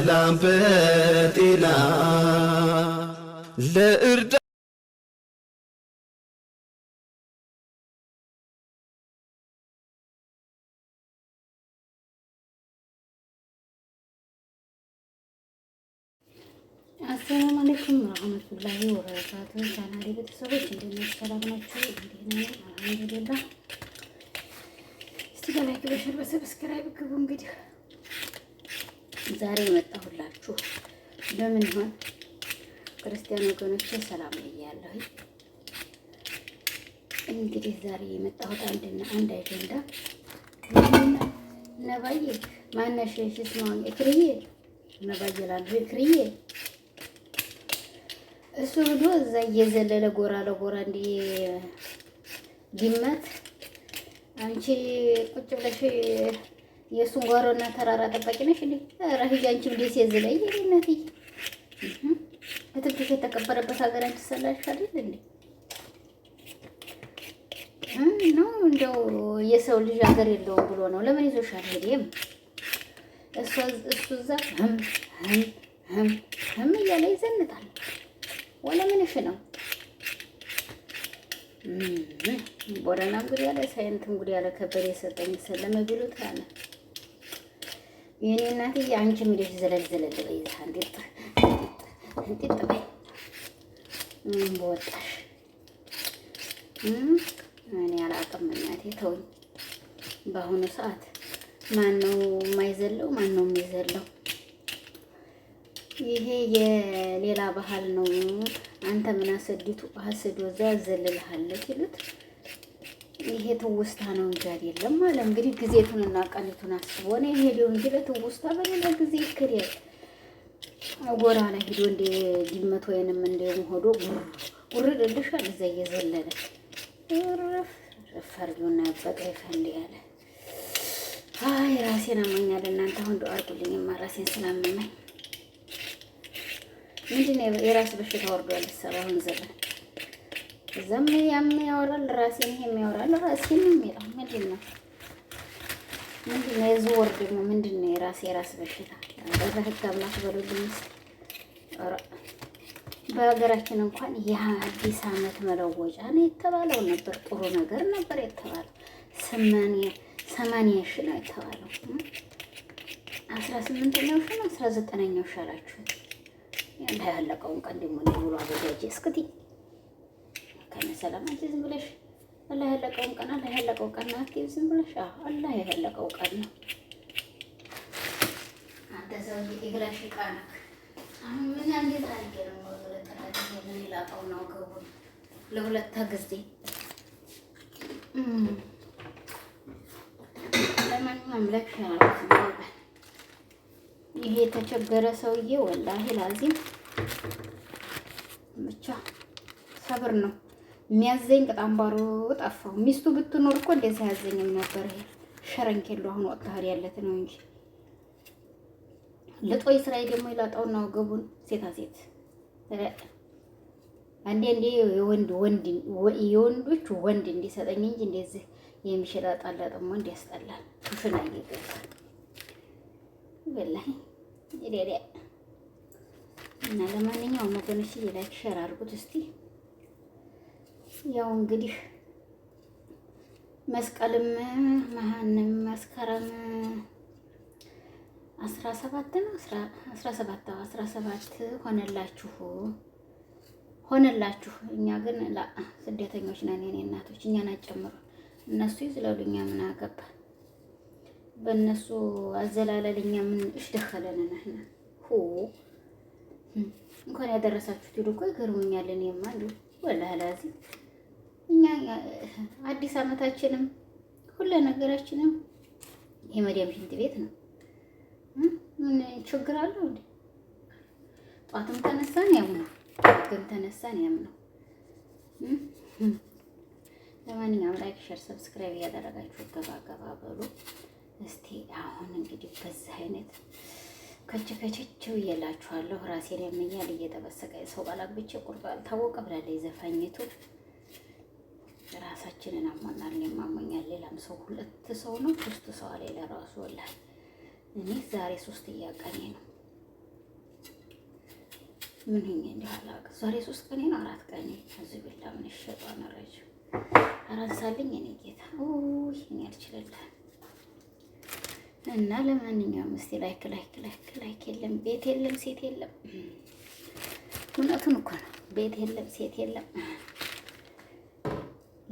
በሰላም በጤና ለእርዳ አሰላሙ አለይኩም ወራህመቱላሂ ወበረካቱ። ቻናሌ ቤተሰቦች እንደምን ተሰላምናችሁ? እንዴት ነው? አልሐምዱሊላህ። እስቲ በላይክ በሸር በሰብስክራይብ ግቡ እንግዲህ ዛሬ የመጣሁላችሁ ለምን ይሆን ክርስቲያን ወገኖች ሰላም ብያለሁ። እንግዲህ ዛሬ የመጣሁት አንድና አንድ አጀንዳ ነባዬ ማነሽ ሽስማኝ እክርዬ ነባዬ እክርዬ እሱ ብሎ እዛ እየዘለለ ጎራ ለጎራ እንዲ ድመት አንቺ ቁጭ ብለሽ የእሱን ጓሮና ተራራ ጠባቂ ነሽ እንዴ? ኧረ ሂጂ አንቺም ደስ የዝለይ እናትዬ፣ እትብትሽ የተቀበረበት ሀገር አንቺ ሰላሽ አይደል እንዴ? ነው እንደው የሰው ልጅ ሀገር የለውም ብሎ ነው። ለምን ይዞሽ አልሄድም? እሱ እዛ ህም ህም ህም ህም እያለ ይዘንጣል። ወለ ምንሽ ነው? ቦረናም ጉድ ያለ ሳይንትም ጉድ ያለ ከበደ የሰጠኝ ሰለመ ቢሉት አለ የኔ እናትዬ አንቺም እንደዚህ ዘለል ዘለል በይ እዛ እንጢጥ እንጢጥ በይ በወጣሽ እኔ አላውቅም። እናቴ ተውኝ። በአሁኑ ሰዓት ማን ነው የማይዘለው? ማን ነው የሚዘለው? ይሄ የሌላ ባህል ነው። አንተ ምን አሰዲቱ አስዶ እዛ ዘለልሃለት ይሉት ይሄ ትውስታ ነው እንጂ አይደለም አለ። እንግዲህ ጊዜቱንና ቀንቱን አስቦ ነው ይሄ ሊሆን እንጂ ለትውስታ በሌላ ጊዜ ይክዳል። ጎራ ላይ ሂዶ እንደ ጅመት ወይንም እንደውም ሆዶ ውርድ እልሻል እዛ እየዘለለ ረፍ ረፍ አድርጊውና ያበቃ ይፈንድ ያለ አይ ራሴን አሞኛል። እናንተ አሁን ዱአ አድርጉልኝማ ራሴን ስላመመኝ ምንድን ነው የራስ በሽታ ወርዷል። ሰባሁን ዘበን ዘም የሚያወራል ያወራል ራሴን ይሄም ያወራል ራሴን የሚለው ምንድን ነው? ምንድን ነው የዚህ ወር ደግሞ ምንድን ነው? የራሴ የራስ በሽታ በህግ አማትበሉልኝ ስ በሀገራችን እንኳን የአዲስ አመት መለወጫ ነው የተባለው ነበር። ጥሩ ነገር ነበር የተባለው ሰማንያ ሺህ ነው የተባለው። አስራ ስምንተኛው ሺ ነው አስራ ዘጠነኛው ያለቀውን ቀን ደግሞ ሙሉ አበጃጅ እስክቲ መሰለም አንቺ ዝም ብለሽ አላህ ያለቀውን ቀን አላህ ያለቀው ቀን ዝም ብለሽ አላህ ያለቀው ቀን ነው። አንተ ሰው ይግላሽ አሁን ምን ታሪክ ነው ምን ይላጣው ነው ለሁለት ጊዜ ለማንኛውም ይሄ የተቸገረ ሰውዬ ወላሂ ላዚም ብቻ ሰብር ነው። የሚያዘኝ ቅጣም ጠፋው። ሚስቱ ብትኖር እኮ እንደዚህ አያዘኝም ነበር። ሸረንኬሉ አሁን ወጥታህል ያለት ነው እንጂ ልጦ ስራዬ ደግሞ ይላጣውና ወገቡን ሴታ ሴት አንዴ እንዴ የወንድ ወንድ የወንዶች ወንድ እንዲሰጠኝ እንጂ እንደዚህ የሚሸጣጣለጥ ወንድ ያስጠላል። ክፍና ይገባ እና ለማንኛውም ወገኖች ላይክ ሸር አድርጉት እስቲ። ያው እንግዲህ መስቀልም መሀንም መስከረም አስራ ሰባት ነው አስራ ሰባት አስራ ሰባት ሆነላችሁ ሆነላችሁ። እኛ ግን ላ ስደተኞች ነን። የኔ እናቶች እኛን አጨምሩ። እነሱ ይዝለሉ፣ እኛ ምን አገባ? በእነሱ አዘላለል እኛ ምን እሽደኸለን? ነህና ሁ እንኳን ያደረሳችሁት ሂዱ እኮ ይገርሙኛል። እኔማ እንዲሁ እኛ አዲስ ዓመታችንም ሁሉ ነገራችንም የመዲያም ሽንት ቤት ነው። ምን ችግር አለው እንዴ? ጧትም ተነሳን ያም ነው፣ ግን ተነሳን ያም ነው። ለማንኛውም ላይክ፣ ሼር፣ ሰብስክራይብ እያደረጋችሁ ገባገባ በሉ እስቲ። አሁን እንግዲህ በዚህ አይነት ከች ከችችው እየላችኋለሁ። ራሴን ያመኛል እየተበሰቀ ሰው ባላግብቼ ቁርጡ አልታወቀ ብላለች ዘፋኝቱ። ራሳችንን አሞናል። እኔም ሌላም ሰው ሁለት ሰው ነው ሶስት ሰው አለ ለራሱ ወላ እኔ ዛሬ ሶስት እያቀኔ ነው ምን ሆኜ እንዲህ አላውቅም። ዛሬ ሶስት ቀኔ ነው አራት ቀኔ እዚህ ቢላ ምን ይሸጧ ነረጅ አራንሳልኝ እኔ ጌታ ይህን ያልችልልሃል እና ለማንኛውም እስቲ ላይክ ላይክ ላይክ ላይክ የለም ቤት የለም ሴት የለም እውነቱን እኮ ነው ቤት የለም ሴት የለም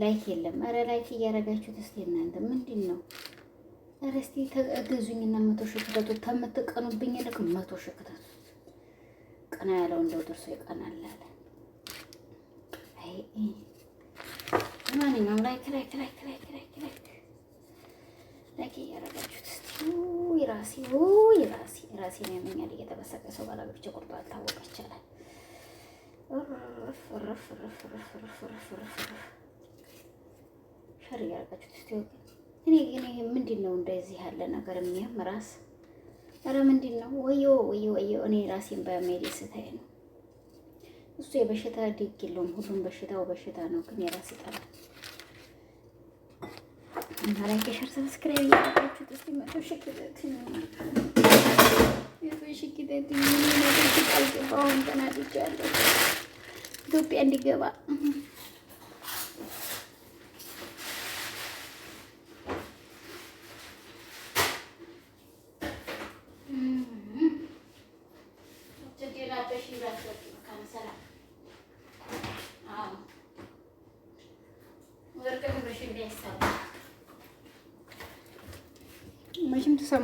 ላይክ የለም። ኧረ ላይክ እያደረጋችሁት እስኪ እናንተ ምንድን ነው? ኧረ እስኪ ተገዙኝና መቶ ሺህ ክተቱት። ከምትቀኑብኝ ይልቅ መቶ ሺህ ክተቱት። ቀና ያለው እንደው ደርሶ ይቀናል አለ። አይ ለማንኛውም ላይክ ላይክ ላይክ ላይክ ላይክ ላይክ ላይክ እያደረጋችሁት እስኪ ራሴ ውይ ራሴ ራሴ ነው ያመኛል። እየተበሰቀ ሰው ባላገብቼ ቁርጦ አልታወቀ ይቻላል። እርፍ እርፍ እርፍ እርፍ እርፍ እርፍ ሸር እያደረጋችሁ ትስቲወቅ እኔ ግን ይሄ ምንድን ነው እንደዚህ ያለ ነገር የሚያም ራስ ኧረ ምንድን ነው ወዮ ወዮ ወዮ እኔ ራሴን በመሄድ ስታይ ነው እሱ የበሽታ ዲግ የለውም ሁሉም በሽታው በሽታ ነው ግን የራስ ይጠላል እና ላይክ ሸር ሰብስክራይብ እያደረጋችሁ ትስቲ መቶ ሽክደት የቶ ሽክደት ሽቃልጭባውን ተናድጃለሁ ኢትዮጵያ እንዲገባ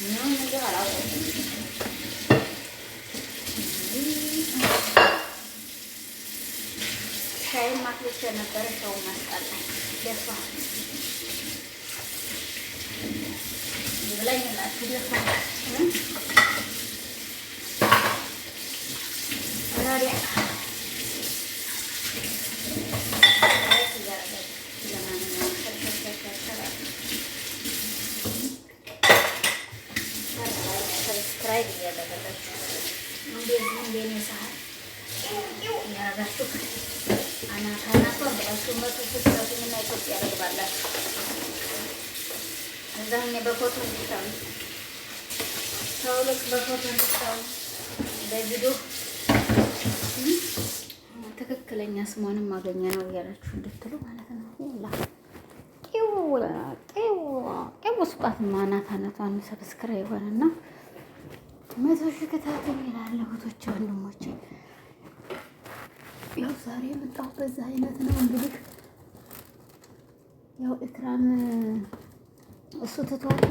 nhưng cái vào đâu Saya maklum kena beritahu masalah. Lepas, dia lagi nak tidur. Ada dia. ሆነ በፎቶ እንዲታው ሰውልክ በፎቶ እንዲታው በቪዲዮ ትክክለኛ ስሟንም ማገኘ ነው እያላችሁ እንድትሉ ማለት ነው። ሁላ ቂው ቂው ማናት አነቷን ሰብስክራይብ ይሆንና መቶ ሺህ ከታተም ይላል። እህቶቼ ወንድሞቼ፣ ያው ዛሬ የመጣሁት በዛ አይነት ነው እንግዲህ ያው ኢክራም እሱ ትቷት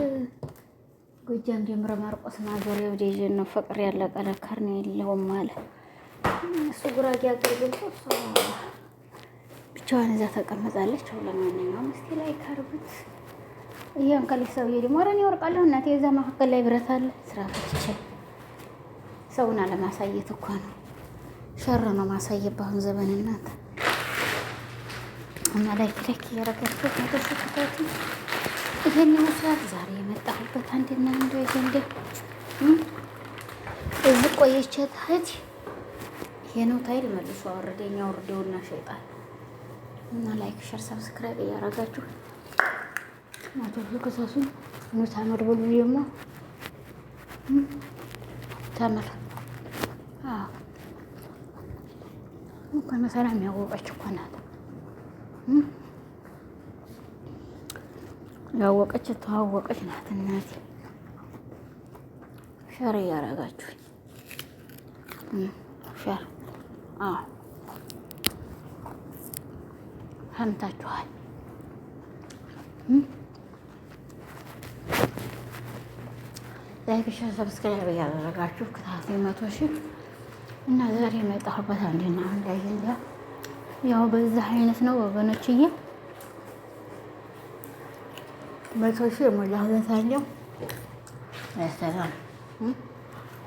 ጎጃም ደብረ ማርቆስ ማዞሪያ ወደ ነው ፍቅር ያለቀ ለከር ነው የለውም አለ። እሱ ጉራጌ አገር ገብቶ እሷ ብቻዋን እዛ ተቀምጣለች። ለማንኛውም እስቲ ላይ ከርብት እያን ከልጅ ሰውዬ ደግሞ ኧረ እኔ እወርቃለሁ እናቴ የዛ መካከል ላይ ብረት አለ። ስራ ፈትቼ ሰውን አለማሳየት እኮ ነው ሸር ነው ማሳየት በአሁን ዘመን እናት እና ላይክ ላይክ እያረጋችሁ ተሰጥቷችሁ ይሄን ይመስላል ዛሬ የመጣሁበት አንድና አንዱ ይሄንደ እዚ ቆየቻት ታች ይሄ ታይል መልሶ አወረደኝ። ወርደውና ሸይጣን እና ላይክ፣ ሸር፣ ሰብስክራይብ እያረጋችሁ ማቶፊ ክሰሱ ኑ ተምር ብሉ ደግሞ ተምር ከመሰላ ሰላም ያወቀች እኮ ናት። ያወቀች የተዋወቀች ናት። እናቴ ሸር እያረጋችሁኝ ሸር ሰምታችኋል። ላይክ ሸር ሰብስክራይብ እያደረጋችሁ ከታቴ መቶ ሺህ እና ዛሬ የመጣሁበት አንድና አንድ ያው በዛ አይነት ነው ወገኖችዬ መቶ ሺህ የሞላሁለት ያሰላም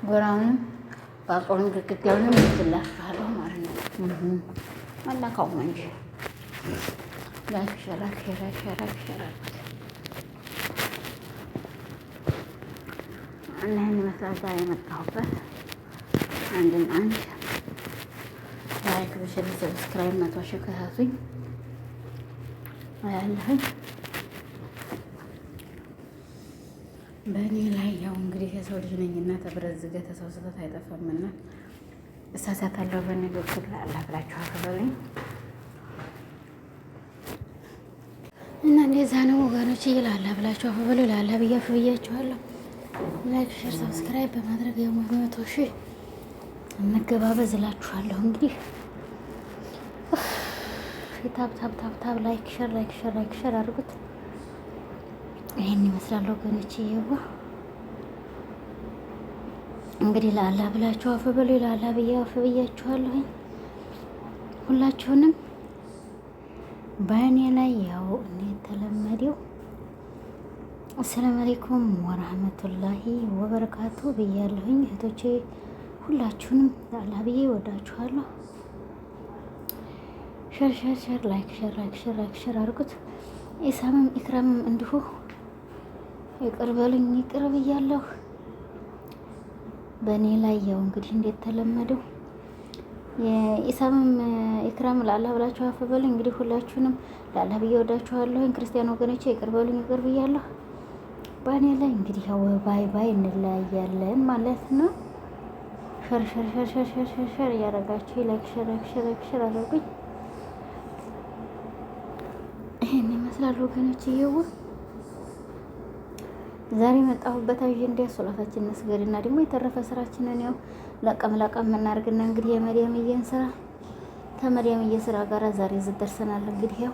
ጎራውንም በአቆን ግድግዳውንም ምትላችኋለሁ ማለት ነው። መላካው እንጂ ላይክ ሸራክ ሸራክ ሸራክ እና ይህን ይመስላል የመጣሁበት አንድን አንድ ላይክ ብሽል ሰብስክራይብ መቶ ሺህ ከሳቱኝ ያለህኝ በእኔ ላይ ያው እንግዲህ የሰው ልጅ ነኝና ከብረት ዝገት ሰው ስህተት አይጠፋምና እሳሳታለሁ። በእኔ በኩል አላህ ብላችሁ አክብሩኝ እና እንደዛ ነው ወገኖች። ይል አላህ ብላችሁ አክብሩ ላለ ብያ አፍ ብያችኋለሁ። ላይክ፣ ሼር፣ ሰብስክራይብ በማድረግ ያው መቶ ሺህ እንገባበዝ እላችኋለሁ። እንግዲህ ታብ ታብ ታብ ታብ ላይክ ሼር ላይክ ሼር ላይክ ሼር አድርጉት። ይህን ይመስላል ወገኖች። እየዋ እንግዲህ ለአላህ ብላችሁ አፍ በሉ። ለአላህ ብዬ አፍ ብያችኋለሁኝ። ሁላችሁንም በእኔ ላይ ያው የተለመደው አሰላም አለይኩም ወራህመቱላሂ ወበረካቱ ብያለሁኝ። እህቶቼ ሁላችሁንም ለአላህ ብዬ ወዳችኋለሁ። ሸር ሸር ሸር ላይክ ሸር ላይክ ሸር ላይክ ሸር አድርጉት። ኢሳምም ኢክራምም እንዲሁ ይቅር በልኝ ይቅር ብያለሁ። በእኔ ላይ ያው እንግዲህ እንዴት ተለመደው ኢሳምም ኢክራም ለአላህ ብላችሁ አፍ በሉ። እንግዲህ ሁላችሁንም ለአላህ ብዬ ወዳችኋለሁ። ክርስቲያን ወገኖች ይቅር በሉኝ ይቅር ብያለሁ። በእኔ ላይ እንግዲህ ያው ባይ ባይ እንለያያለን ማለት ነው። ሸር እያደረጋችሁ ለክሸረክሸረክሸር አድርጉኝ። ይህን ይመስላል ወገኖች እየዋ ዛሬ የመጣሁበት አጀንዳ ሶላታችን መስገድና ደግሞ የተረፈ ስራችንን ያው ለቀም ለቀም እናድርግና እንግዲህ የመዲያምዬን ስራ ከመዲያምዬ ስራ ጋር ዛሬ እዚህ ደርሰናል። እንግዲህ ያው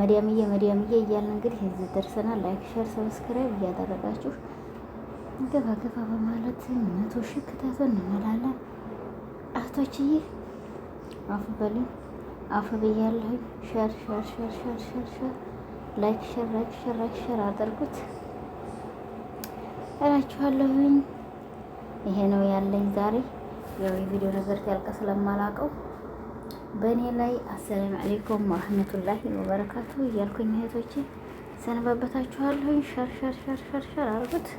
መዲያምዬ መዲያምዬ እያልን እንግዲህ እዚህ ደርሰናል። ላይክ፣ ሼር፣ ሰብስክራይብ እያደረጋችሁ ገባ ገባ በማለት መቶ ሺህ ክታቱን እንመላለን። አቶችዬ አፍ በሉኝ አፍ ብያለሁኝ። ሸር ሸር ሸር ሸር ሸር ሸር ላይክ ሸር ላይክ ሸር ላይክ ሸር አድርጉት። እላችኋለሁኝ። ይሄ ነው ያለኝ ዛሬ። ያው የቪዲዮ ነገር ያልቀ ስለማላውቀው በእኔ ላይ አሰላም አለይኩም ወረህመቱላሂ ወበረካቱ እያልኩኝ እህቶቼ ሸር ሸር አርጉት።